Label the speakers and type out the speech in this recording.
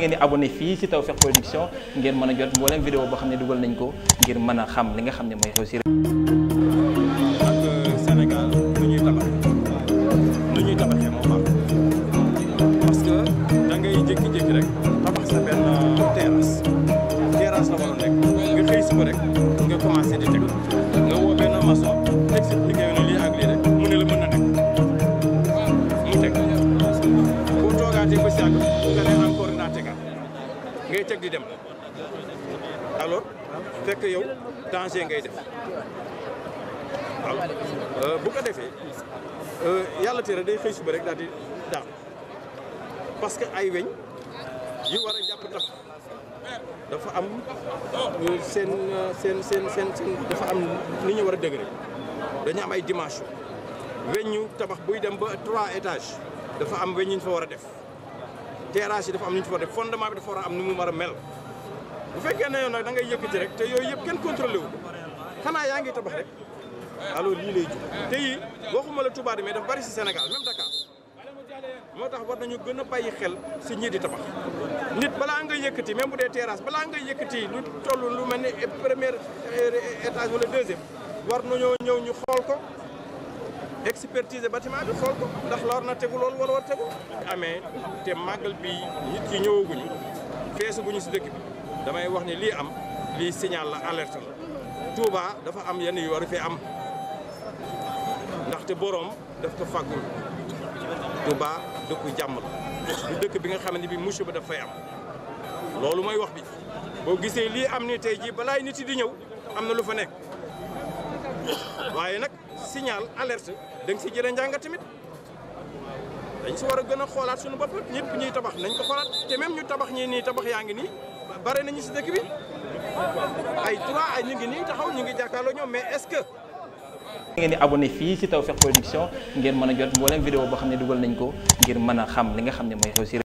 Speaker 1: ngeen di abonné fii ci Tawfekh Production ngeen mën a jot mboolem vidéo boo xam ne dugal nañ ko ngir mën a xam li nga xam ne mooy xew ci réew
Speaker 2: ak euh, Sénégal nu ñuy tabaxee nu ñuy tabaxee moo da ngay jékki-jékki rek tabax sa benn euh, terrasse terrasse la waroon nekk nga xëy suba rek nga commencé di teg nga woo benn maçon teg si liggéey na lii ak rek mu ne la mën na nekk mu teg bu toogaatee ba si àgg nga ne encore ngay teg di dem alors fekk yow danger ngay def waaw euh, bu ko defee euh, yàlla tere day xëy suba rek daal di daal parce que ay weñ yi war a jàpp tax dafa am euh, seen seen seen dafa am ni ñu war a dëgëre dañu am ay dimanche weñu tabax buy dem ba trois étages dafa am weñ ñu fa war a def terrasse yi dafa am nu ñu ci def fondement bi dafa war am nu mu war a mel bu fekkee ne yoon nag da ngay yëkkati rek te yooyu yëpp kenn contrôlé wu xanaa yaa ngi tabax rek alors lii lay jur te yi waxuma la Touba de mais dafa bari si Sénégal même Dakar moo tax war nañu gën a bàyyi xel si ñii di tabax nit balaa nga yëkkati même bu dee terrasse balaa nga yëkkati lu toll lu mel ni premier euh, étage wala deuxième war nañoo ñëw ñu xool ko expertise bâtiment bi xool ko ndax lor na tegu loolu wala war tegu amee te màggal bi nit yi ñëwaguñu feesaguñu si dëkk damay wax ni lii am lii signal la alerte la Touba dafa am yenn yu war fi am ndaxte boroom daf ko fàggul Touba dëkku jàmm la du dëkk bi nga xam ne bi musiba daf fay am loolu mooy wax bi boo gisee lii am ni tey jii balaay nit yi di ñëw am na lu fa nekk waaye nag signal alerte da nga si jëlee njàngat tamit dañ si war a gën a xoolaat suñu bopp ñëpp ñuy tabax nañ ko xoolaat te même ñu tabax ñi nii tabax yaa ngi nii bare nañu si dëkk bi ay trois ay ñu ngi nii taxaw ñu ngi jàkkaarloo ñoom mais est-ce que.
Speaker 1: ngeen di abonné fii si Tawfekh Production ngeen mën a jot mboolem vidéo boo xam ne dugal nañ ko ngir mën a xam li nga xam ne mooy xew si